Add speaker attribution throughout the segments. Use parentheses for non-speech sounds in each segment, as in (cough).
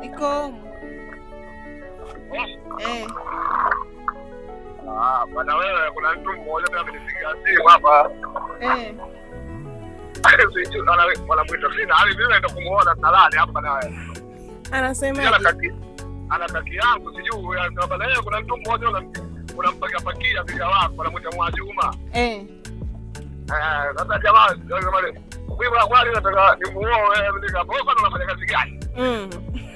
Speaker 1: Niko eh.
Speaker 2: Ah, bwana wewe, kuna mtu mmoja kama amenipigia simu hapa.
Speaker 1: Eh. Anasema
Speaker 2: ana kaki yangu sijui, kuna mtu mmoja unampakia pakia vijana wako, anamwita Mwajuma. sasa jamaa nataka nimuoe, nikapoka, tunafanya kazi gani?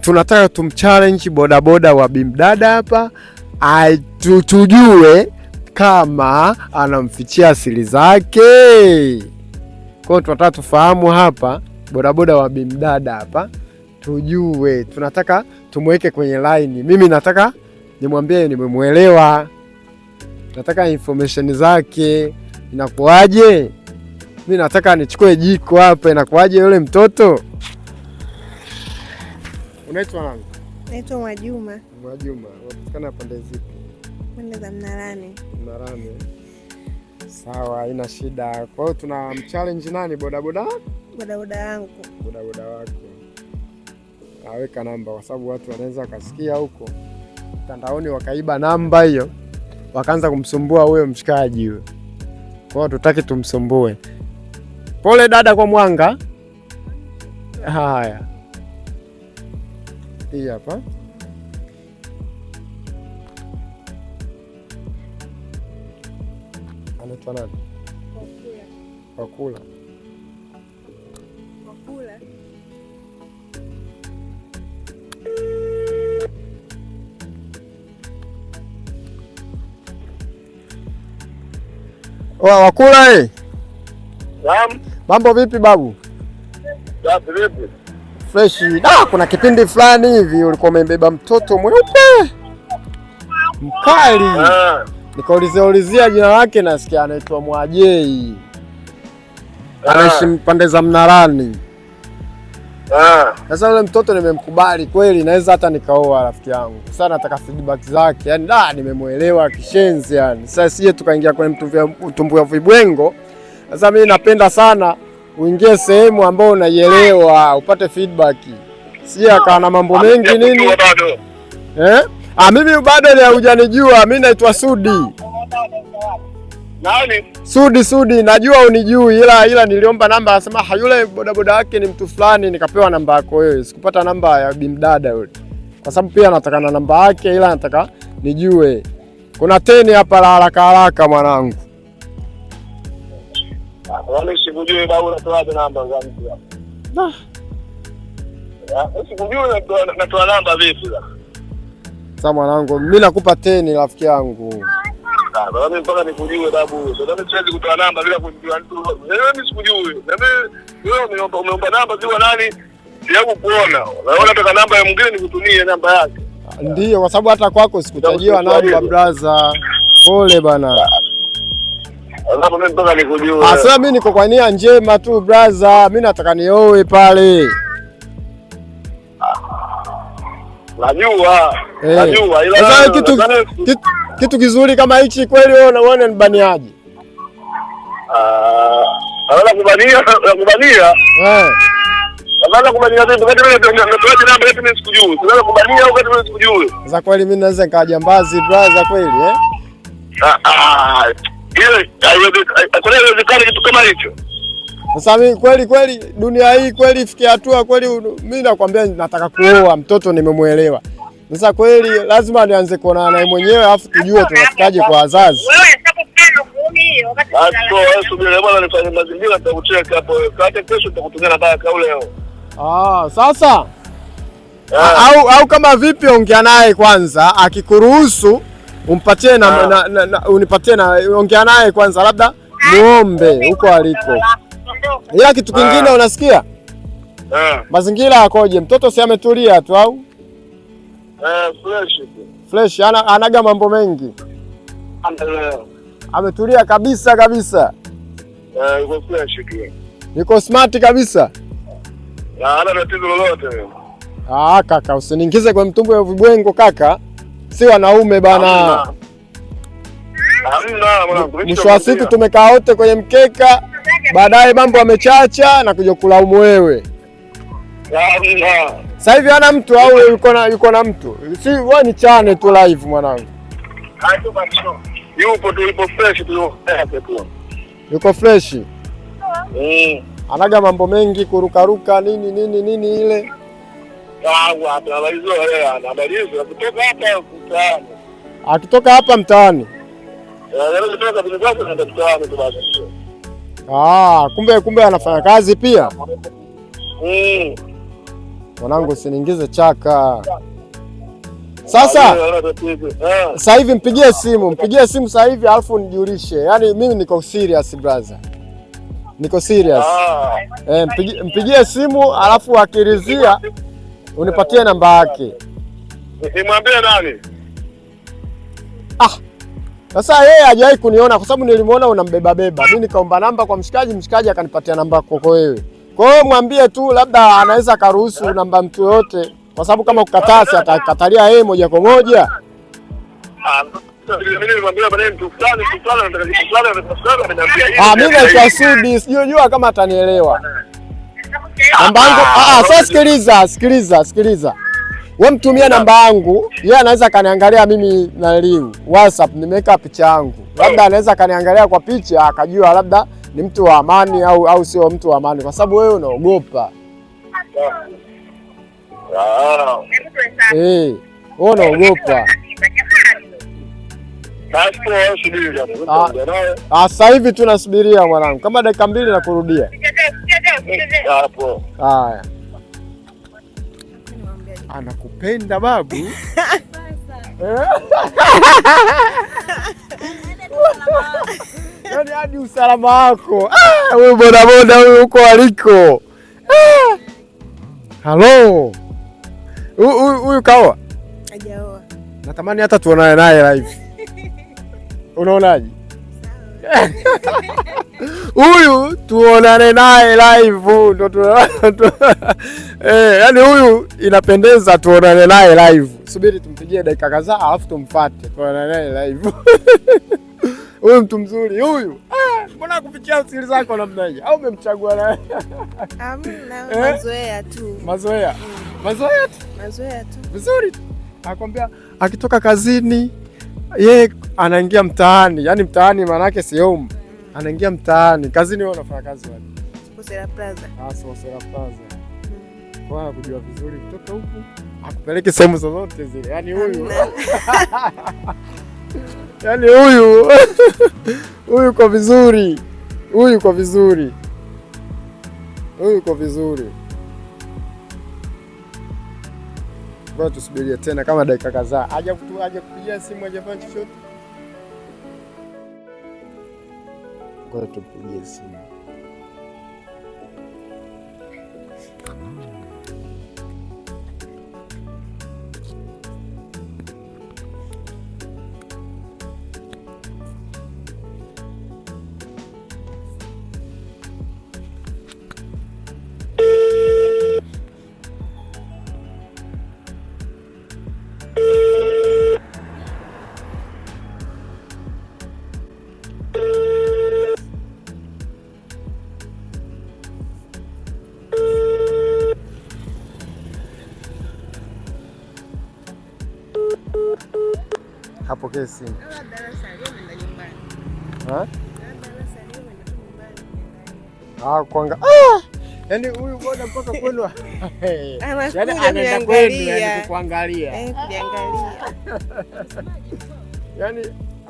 Speaker 3: tunataka tumchallenge bodaboda wa bimdada hapa tujue kama anamfichia siri zake. Kwa hiyo tunataka tufahamu hapa bodaboda wa bimdada hapa, tujue, tunataka tumweke kwenye laini. Mimi nataka nimwambie nimemwelewa, nataka information zake. Inakuwaje? Mi nataka nichukue jiko hapa, inakuwaje yule mtoto Unaitwa nani?
Speaker 1: Naitwa Mwajuma.
Speaker 3: Mwajuma, unapatikana pande zipi?
Speaker 1: Pande za Mnarani.
Speaker 3: Mnarani, sawa, haina shida. Kwa hiyo tuna mchallenge nani? Bodaboda?
Speaker 1: Bodaboda wangu.
Speaker 3: Bodaboda wako. Aweka namba, kwa sababu watu wanaweza wakasikia huko mtandaoni wakaiba namba hiyo wakaanza kumsumbua huyo mshikaji huyo. Kwa hiyo tutaki tumsumbue. Pole dada kwa mwanga. Haya hii hapa anaitwa nani? Wakula. Wakula. Oa, Wakula, eh. Naam. Mambo vipi babu?
Speaker 2: Vipi vipi?
Speaker 3: fresh. Da, kuna kipindi fulani hivi ulikuwa umebeba mtoto mweupe mkali ah. Nikaulizia ulizia jina lake, nasikia anaitwa Mwajei ah. Anaishi pande za Mnarani ah. sasa ah. Yule mtoto nimemkubali kweli, naweza hata nikaoa rafiki yangu. Sasa nataka feedback zake, yani da, nimemwelewa kishenzi yani. Sasa sije tukaingia kwenye wa vibwengo. Sasa mimi napenda sana uingie sehemu ambayo unaielewa upate feedback, si akaa na mambo mengi nini eh? Ah, mimi bado hujanijua. Mimi naitwa Sudi nani? Sudi Sudi, najua unijui, ila ila niliomba namba, anasema yule bodaboda wake ni mtu fulani, nikapewa namba yako wewe. Sikupata namba ya bimdada yule, kwa sababu pia nataka na namba yake, ila nataka nijue. Kuna teni hapa la haraka haraka mwanangu.
Speaker 2: Sikujue baba, namba za mtu Sikujue natoa namba vipi
Speaker 3: Sasa mwanangu, mimi nakupa teni rafiki yangu.
Speaker 2: Ah, Ndio, namba namba ya namba
Speaker 3: yake. kwa sababu hata kwako sikuchajiwa namba brother. Pole bana. Ah, Asa mi ah, niko kwa nia njema tu brother, mi nataka nioe pale.
Speaker 2: Najua, hey. Eh. Najua ila
Speaker 3: kitu, kitu, kitu kizuri kama hichi kweli wewe unaona
Speaker 2: Ah, uh, kubania kubania. Eh.
Speaker 3: Za kweli mimi naweza nikawa jambazi brother kweli eh?
Speaker 2: Ah, ah haiwezekani kitu kama hicho.
Speaker 3: Sasa mimi kweli kweli, dunia hii kweli ifikia hatua kweli, mimi nakwambia, nataka kuoa mtoto, nimemwelewa sasa. Kweli lazima nianze kuonana naye mwenyewe, alafu tujue tunafikaje kwa wazazi. Ah, ah, sasa ah. au, au kama vipi, ongea naye kwanza, akikuruhusu umpatie na, ah. na, na, na unipatie na ongea naye kwanza, labda ah. muombe huko ah. aliko. Ila kitu kingine unasikia mazingira yakoje? Mtoto si ametulia tu au fresh? Ana, anaga mambo mengi, ametulia kabisa kabisa, yuko smart kabisa. Kaka, usiniingize kwa mtumbo wa vibwengo kaka si wanaume bana. Mwisho wa siku tumekaa wote kwenye mkeka, baadaye mambo yamechacha na kuja kulaumu wewe. Sasa hivi ana mtu au yuko na yuko na mtu? Si wewe ni chane tu live mwanangu.
Speaker 2: Yupo tu yupo fresh tu.
Speaker 3: Yuko fresh.
Speaker 2: Mm.
Speaker 3: Anaga mambo mengi kurukaruka nini nini nini ile
Speaker 2: kutoka hapa mtaani,
Speaker 3: akitoka hapa mtaani. Eh, ah, kumbe kumbe anafanya kazi pia mm. mwanangu, usiniingize chaka. Sasa
Speaker 2: eh.
Speaker 3: sasa hivi mpigie simu, mpigie simu sasa hivi alafu nijulishe. Yaani mimi niko serious brother, niko serious. Ah. Eh, mpigie simu alafu akirizia unipatie namba yake.
Speaker 2: nimwambie nani?
Speaker 3: Ah, sasa yeye hajawahi kuniona kwa sababu nilimwona unambeba beba, mi nikaomba namba kwa mshikaji, mshikaji akanipatia namba kwa wewe. Kwa hiyo mwambie tu, labda anaweza akaruhusu namba mtu yoyote, kwa sababu kama ukatasi atakatalia yeye moja kwa moja. Ah, ah naitwa Sudi, sijui jua kama atanielewa namba yangu. Ah, ah, ah sasa sikiliza, sikiliza, sikiliza. Wewe mtumie namba yangu, yeye anaweza akaniangalia mimi na liu WhatsApp, nimeweka picha yangu, labda anaweza akaniangalia kwa picha akajua labda ni mtu wa amani au au sio mtu wa amani, kwa sababu wewe unaogopa eh, wewe unaogopa. Ah, sasa hivi tunasubiria mwanangu, kama dakika mbili na kurudia hapo. Haya, anakupenda babu. (laughs) Yani hadi usalama wako huyu ah, bodaboda huyu huko aliko. Halo, ah. huyu kaoa? Hajaoa. Natamani hata tuonane naye live. (laughs) Unaonaje? (laughs) huyu tuonane naye live ndo tu (laughs) eh, yani huyu inapendeza, tuonane naye live. Subiri tumpigie dakika kadhaa, alafu tumfuate, tuonane naye live (laughs) huyu mtu mzuri huyu. Ah, mbona ah, kupitia siri zako namna hiyo, au umemchagua naye?
Speaker 1: Amna, (laughs) eh? mazoea tu,
Speaker 3: mazoea mazoea tu,
Speaker 1: mazoea tu,
Speaker 3: vizuri tu. Akwambia akitoka kazini yeye anaingia mtaani, yani mtaani maanake sehemu anaingia mtaani. Kazini wewe unafanya kazi wapi?
Speaker 1: Sosera Plaza.
Speaker 3: Ah, Sosera Plaza. Kwa kujua vizuri kutoka huku akupeleke sehemu zozote zile. Yaani huyu. (laughs) Yaani huyu. (laughs) Huyu kwa vizuri. Huyu kwa vizuri. Huyu kwa vizuri. Bado tusubiria tena kama dakika kadhaa. Aje kutu aje kupigia simu aje fanya chochote. গতটুকু গিয়েছি apokee simu. Ah, ah! Yaani huyu boda mpaka kwenu,
Speaker 1: (laughs) yaani anaenda kwenu yaani
Speaker 3: kuangalia, eh, (laughs) yaani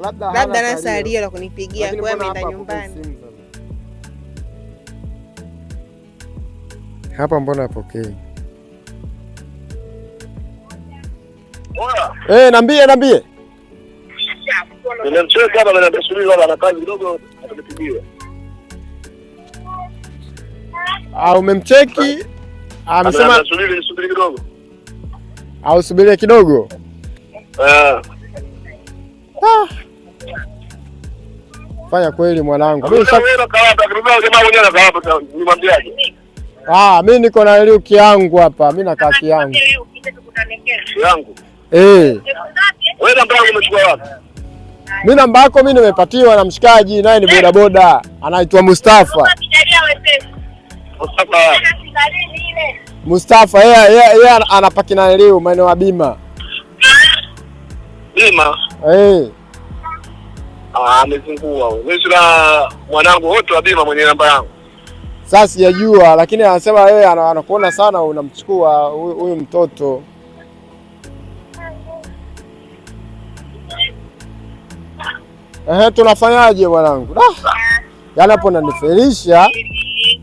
Speaker 3: labda labda nasalia la kunipigia kwa ameenda nyumbani. Hapa mbona apokee? Eh, nambie nambie
Speaker 2: Nimemcheka hapa na kazi kidogo
Speaker 3: Ah, umemcheki? Ah, amesema
Speaker 2: subiri subiri kidogo.
Speaker 3: Au ah, subiri kidogo.
Speaker 2: Eh. Ah.
Speaker 3: Fanya kweli mwanangu. Ah, mimi niko na Liuki yangu hapa. Mimi nakaa kiangu. Yangu. Eh. Wewe
Speaker 2: ndio umechukua wapi?
Speaker 3: Mimi namba yako mimi nimepatiwa na mshikaji, naye ni bodaboda anaitwa Mustafa. Mustafa yeye yeah, yeah, yeah, anapaki na leo maeneo ya bima bima. Hey. Eh.
Speaker 2: Ah, amezungua mwanangu wote wa bima mwenye namba yangu.
Speaker 3: Sasa sijajua, lakini anasema yeye anakuona sana, unamchukua huyu mtoto Ehe, tunafanyaje mwanangu? Ah. Yaani hapo nanifelisha. Yaani,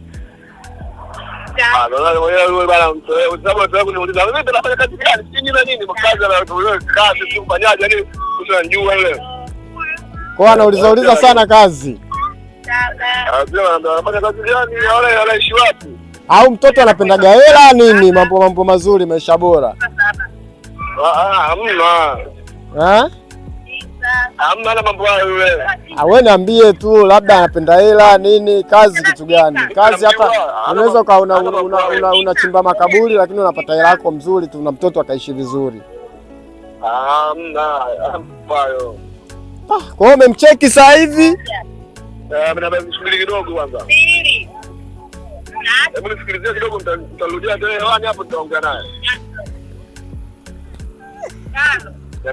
Speaker 3: Kwa anauliza uliza yaani, sana kazi au mtoto anapendaga hela nini? Mambo mambo mazuri, maisha bora.
Speaker 2: Ah, ah, eh? Hamna mambo hayo wewe.
Speaker 3: Ah, wewe niambie tu labda anapenda hela nini, kazi kitu gani? Kazi hata unaweza ka unachimba una, una, una makaburi lakini unapata hela yako mzuri tu na mtoto akaishi vizuri.
Speaker 2: Hamna hayo.
Speaker 3: Ah, kwa hiyo umemcheki sasa hivi?
Speaker 2: Eh, mna basi kidogo kwanza. Hebu nisikilizie kidogo mtarudia tena hewani hapo tutaongea naye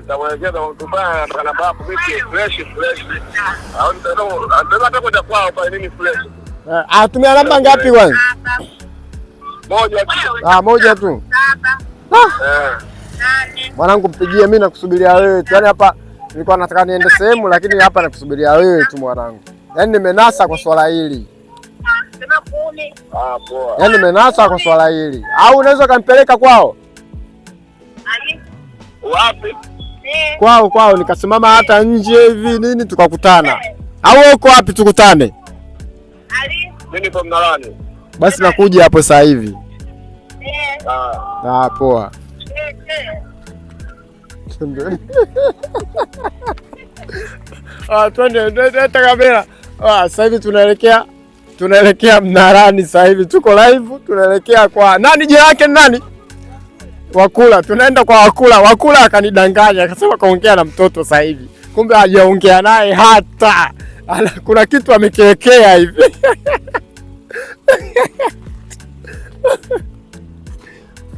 Speaker 2: nitamwelekeza namba
Speaker 3: ah, ah, ngapi kwanza? Moja tu. Ah, moja tu. Ah. Eh. Mwanangu mpigie mimi nakusubiria wewe tu. Yaani hapa nilikuwa nataka niende sehemu lakini hapa nakusubiria wewe tu mwanangu. Yaani nimenasa kwa swala hili. Ah, Yaani nimenasa kwa swala hili. Au unaweza ukampeleka kwao? Wapi? Eh. kwao kwao, nikasimama hata nje hivi nini, tukakutana. Au uko wapi tukutane? Basi nakuja hapo saa hivi.
Speaker 1: Eh.
Speaker 2: Ah.
Speaker 3: ah, poa. Eh, (laughs) ah, ah, sasa hivi tunaelekea tunaelekea Mnarani, sasa hivi tuko live, tunaelekea kwa nani? lake ni nani? Wakula, tunaenda kwa Wakula. Wakula akanidanganya akasema kaongea na mtoto sasa hivi, kumbe hajaongea naye hata ana, kuna kitu amekiwekea hivi (laughs)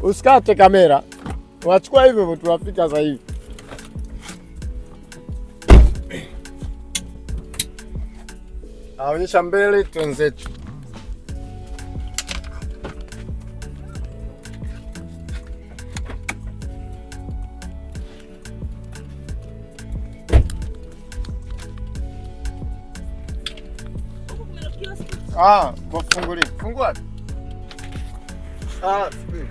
Speaker 3: usikate kamera, wachukua hivyo hivyo, tunafika sasa hivi. Aonyesha mbele, tunzetu Ah, wafungulie. Fungua. Ah, subiri.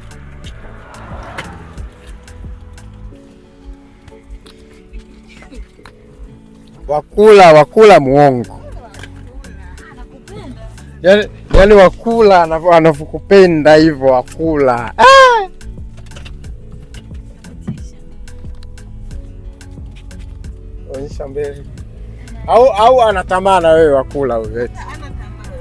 Speaker 3: Wakula wakula muongo. Yaani yaani wakula anavyokupenda hivyo wakula. Ah! Onyesha mbele. Au au anatamana wewe wakula wewe.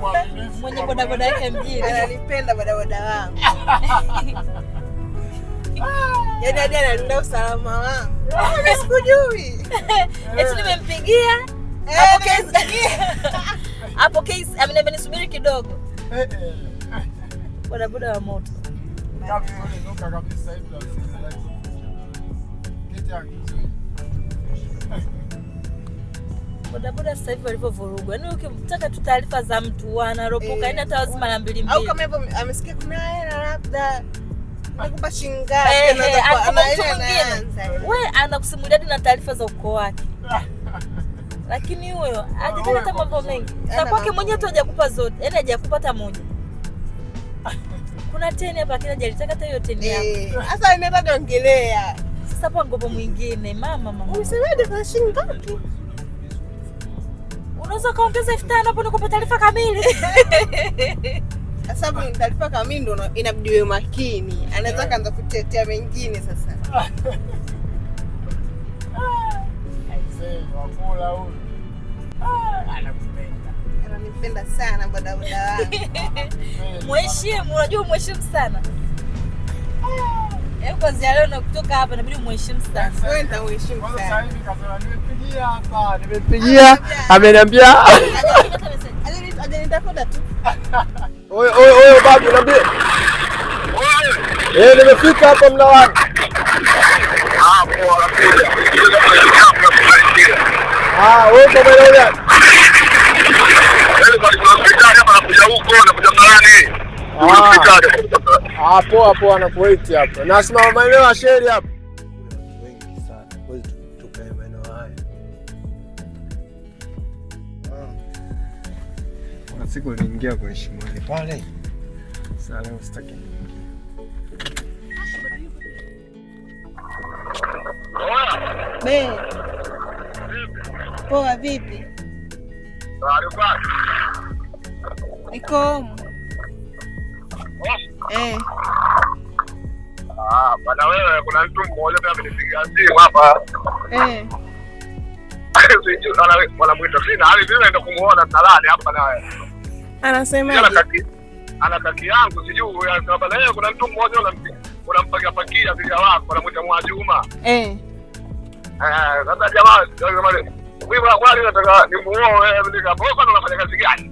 Speaker 1: mwaminifu mwenye bodaboda yake mjini ananipenda bodaboda wangu, (laughs) yaani hadi analinda usalama wangu. (laughs) Sikujui (laughs) eti nimempigia hapo kesi, nisubiri kidogo. Eh, eh. Bodaboda wa moto kabisa bodaboda sasa hivi walivyovurugwa, yaani ukimtaka tu taarifa za mtu wanaropoka, yaani hata wazi mara mbili mbili, au kama hivyo amesikia kuna hela labda eh, anakusimulia na taarifa za ukoo wake, (laughs) lakini huyo ajitaka hata mambo mengi za kwake mwenyewe tu, hajakupa zote, yaani hajakupa hata moja. (laughs) Kuna teni hapa, lakini hajalitaka hata hiyo teni yako. Eh, sasa nenda ongelea sasa, hapo ngopo mwingine mama, mama. Umesemaje kwa shilingi ngapi? unaweza ukaongeza elfu tano hapo nikupa taarifa kamili. (laughs) Sasa taarifa kamili ndio inabidi uwe makini, anaweza kaanza kutetea mengine sasa. Ananipenda sana bodaboda wangu. (laughs) Mheshimu, unajua mheshimu sana Hebu kwanza leo na kutoka hapa inabidi umheshimu sana. Wewe utamheshimu sana. Sasa
Speaker 3: hivi kasema nimepigia hapa, nimepigia ameniambia
Speaker 1: ajanitafuta tu.
Speaker 3: Oyo oyo oyo babu niambie. Eh, nimefika hapa mna wapi? Hapo wanakuja. Ah, wewe kama leo.
Speaker 2: Wewe kwa sababu hapa nakuja huko, nakuja mtaani. Ah,
Speaker 3: poa poa, na Kuwait hapa nasimama maeneo ya sheri hapa siku niliingia kwenye shimoni pale, sasa leo sitaki
Speaker 1: Be. Poa vipi? Iko Eh.
Speaker 2: bana wewe kuna mtu mmoja tena amenipigia simu hapa.
Speaker 1: Eh. Anasema
Speaker 2: ana kaki yangu sijui leo kuna mtu mmoja unampakia pakia vijana wako anamwita Mwajuma. Eh. Eh, sasa jamaa, wewe unataka nimuoe, nikafanya kazi gani?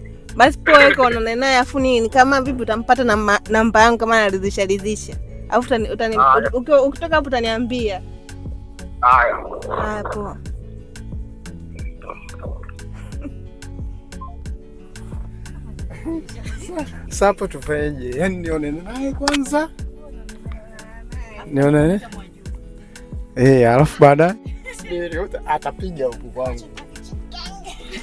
Speaker 1: Basi poa, weka unaona naye, afu nini kama vipi, utampata namba yangu kama naridhisha ridhisha, afu ukitoka hapo utaniambia. Haya, poa.
Speaker 3: Sapo tufanyeje? Yani nionene naye kwanza, nionene eh, alafu baadaye
Speaker 1: atapiga huku kwangu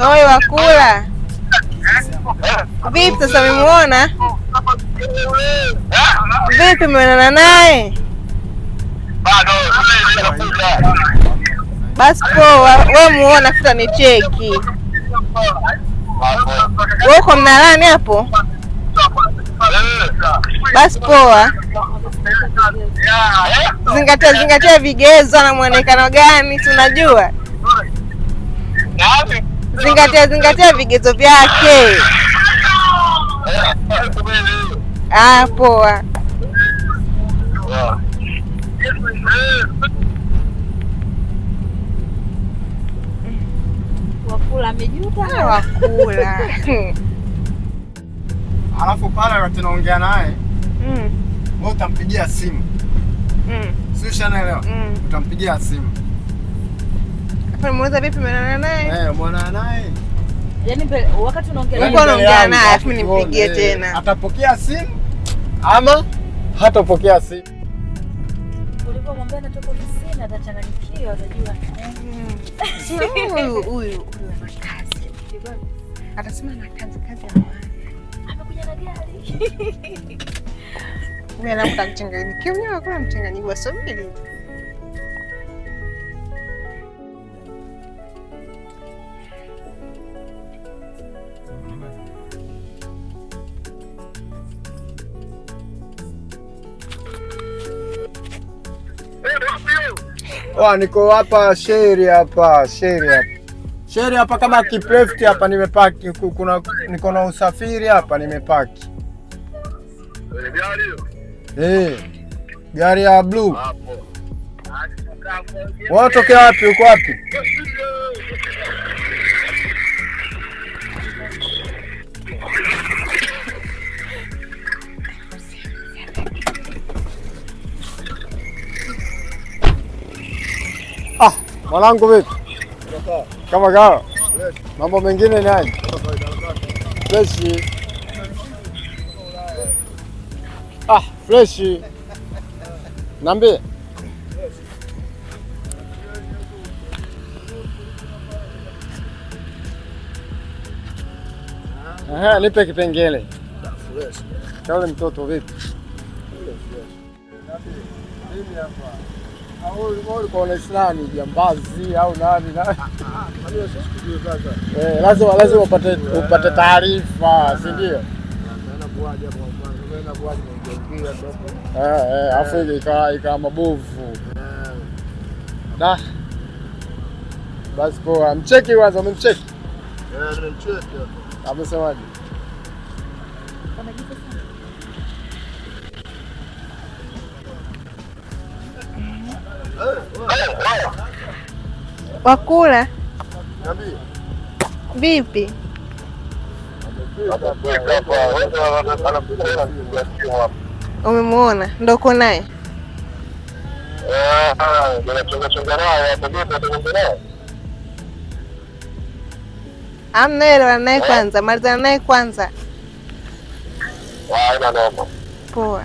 Speaker 1: Oi wakula vipi? Sasa umemuona vipi? Umeonana naye? Basi poa, we muona futa ni cheki. We uko mnalani hapo? Basi poa, zingatia zingatia vigezo na mwonekano gani, tunajua zingatia zingatia vigezo vyake. (laughs) Ah, poa. Wakula mejuta ah, wakula. (laughs)
Speaker 3: Alafu pale wakati naongea naye mm. wewe utampigia simu, mm. sio? Ushanielewa? Mm. Utampigia simu
Speaker 1: Mwanauza vipi mwanana naye?
Speaker 3: Eh, mwanana naye.
Speaker 1: Yaani wakati unaongea naye, unaongea naye afu nimpigie tena. Eh,
Speaker 3: atapokea simu ama hatapokea simu.
Speaker 1: Ulipomwambia natoka hmm. (laughs) mchanganyikiwa, hakuna mchanganyikiwa, subiri.
Speaker 3: Oa, niko hapa sheri hapa sheri hapa sheri hapa kama kiplefti hapa nimepaki, kuna niko na usafiri hapa nimepaki eh, gari ya blue. Wewe wapi? Uko wapi? Mwanangu vipi? Kama kawa. Mambo mengine ni aje? Freshi. Ah, freshi. Niambie. Aha, nipe kipengele. Kale mtoto vipi? Ulikuwa unaishi nani, jambazi au nani? Ah, ah, ah, eh, lazima eh, upate taarifa, si ndio? Eh, Afu ikawa mabovu da. Basi poa, mcheki kwanza, umemcheki amesemaje?
Speaker 1: Wakula vipi? Umemwona? Ndo uko naye? Amnaelewana naye kwanza, malizana naye kwanza. Poa.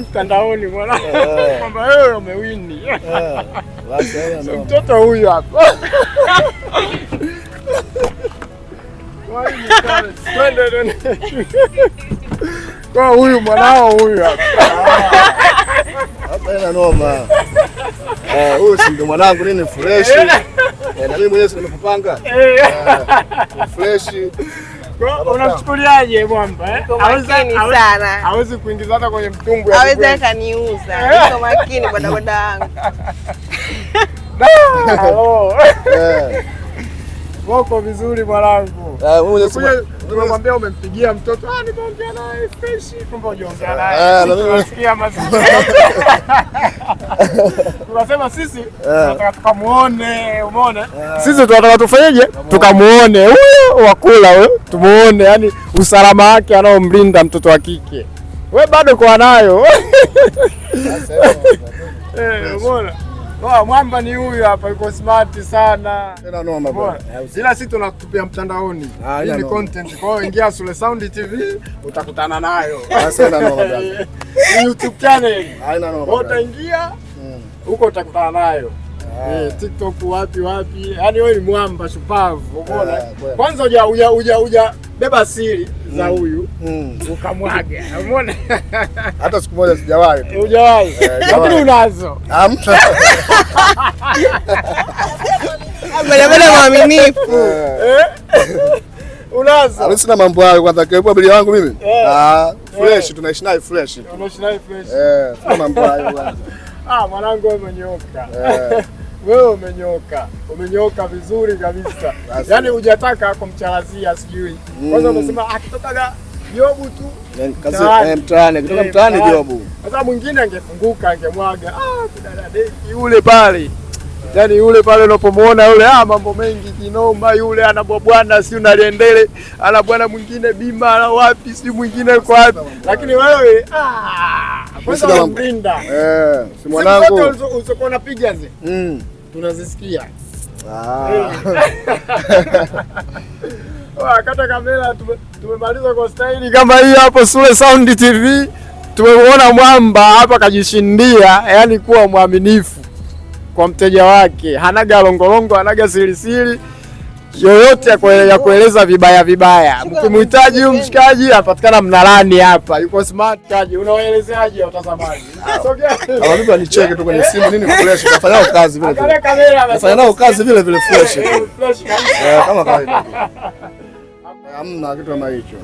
Speaker 3: mtandaoni bwana, kwamba wewe umewini mtoto huyu hapa. Kwa huyu mwanao huyu hapa.
Speaker 2: ina noma. huyu si ndio mwanangu nini fresh. Na mimi mwenyewe nimekupanga. Fresh. (laughs)
Speaker 3: Unamchukuliaje mwamba eh? sana. Hawezi kuingiza hata kwenye mtumbwi. Hawezi
Speaker 1: akaniuza. Niko (laughs) makini boda wangu. (laughs)
Speaker 3: Ah, (laughs) oh. eh. Wako vizuri mwanangu.
Speaker 2: Eh,
Speaker 3: umempigia mtoto, ah, naye kumbe hujaongea eh, naye. Eh, (laughs) Tunasema sisi eh. tunataka tukamuone, umeona? Sisi tunataka tufanyeje? Tukamuone huyo wakula huyo, tumuone yani usalama wake anaomlinda mtoto wa kike. We bado kwa nayo. (laughs) Umeona? Oh, mwamba ni huyu hapa, yuko smart sana.
Speaker 2: Tena noma bwana.
Speaker 3: Ila sisi tunakutupia mtandaoni. Ah, Hii ni content. Kwa hiyo ingia Sule Sound TV utakutana nayo.
Speaker 2: Tena ah, noma bwana. (laughs)
Speaker 3: YouTube channel. Haina noma. Utaingia hmm. huko utakutana nayo. Ah. Eh, TikTok wapi wapi. Yaani wewe ni mwamba shupavu. Umeona? Kwanza uja uja uja beba siri za hmm. huyu Mm, ukamwaga. Umeona?
Speaker 2: Hata siku moja sijawahi
Speaker 3: eh, Hujawahi. Lakini unazo.
Speaker 2: Amta.
Speaker 1: Hamna. Bwana eh? mwaminifu.
Speaker 3: Eh? Unazo. Mimi
Speaker 2: sina mambo hayo kwanza kwa bila wangu mimi. Ah, fresh tunaishi naye fresh.
Speaker 3: Tunaishi naye fresh.
Speaker 2: Eh, sina mambo hayo kwanza. (laughs)
Speaker 3: Ah, mwanangu wewe umenyoka. Eh. (laughs) Wewe umenyoka, umenyoka vizuri kabisa. Yaani hujataka kumchalazia sijui. Kwanza mm. unasema akitokaga ah, Jobu tu
Speaker 2: yaani eh, mtaani, kutoka eh, mtaani Jobu.
Speaker 3: Sasa mwingine angefunguka angemwaga ah, yule pale, yani yule pale unapomwona yule, ah, mambo mengi kinoma yule, anabwa bwana si unaliendele, ana bwana mwingine bima la wapi si mwingine kwa wapi, lakini wewe ah, mlinda eh, si mwanangu usipokuwa unapiga zile mm, tunazisikia ah. (laughs) (laughs) Ah, kata kamera, tumemaliza kwa staili kama hii hapo Sule Sound TV. Tumemwona mwamba hapa kajishindia, yani kuwa mwaminifu kwa mteja wake, hanaga longolongo, hanaga sirisiri yoyote ya kueleza vibaya vibaya. Mkimhitaji huyu mshikaji apatikana Mnalani hapa, yuko smart kaji. Unawaelezeaje watazamaji? Ah,
Speaker 2: Sogea (laughs) nicheke tu kwenye simu nini, fresh (laughs) nafanya nao kazi vile vile, nafanya nao kazi vile vile, fresh eh, kama kawaida. (laughs) Hamna kitu kama hicho.